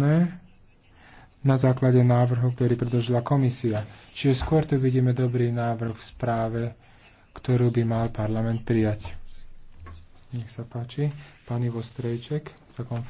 na základe návrhu, ktorý predložila komisia. Čiže skôr tu vidíme dobrý návrh v správe, ktorú by mal parlament prijať. Nech sa páči. Pani Vostrejček za konferenciu.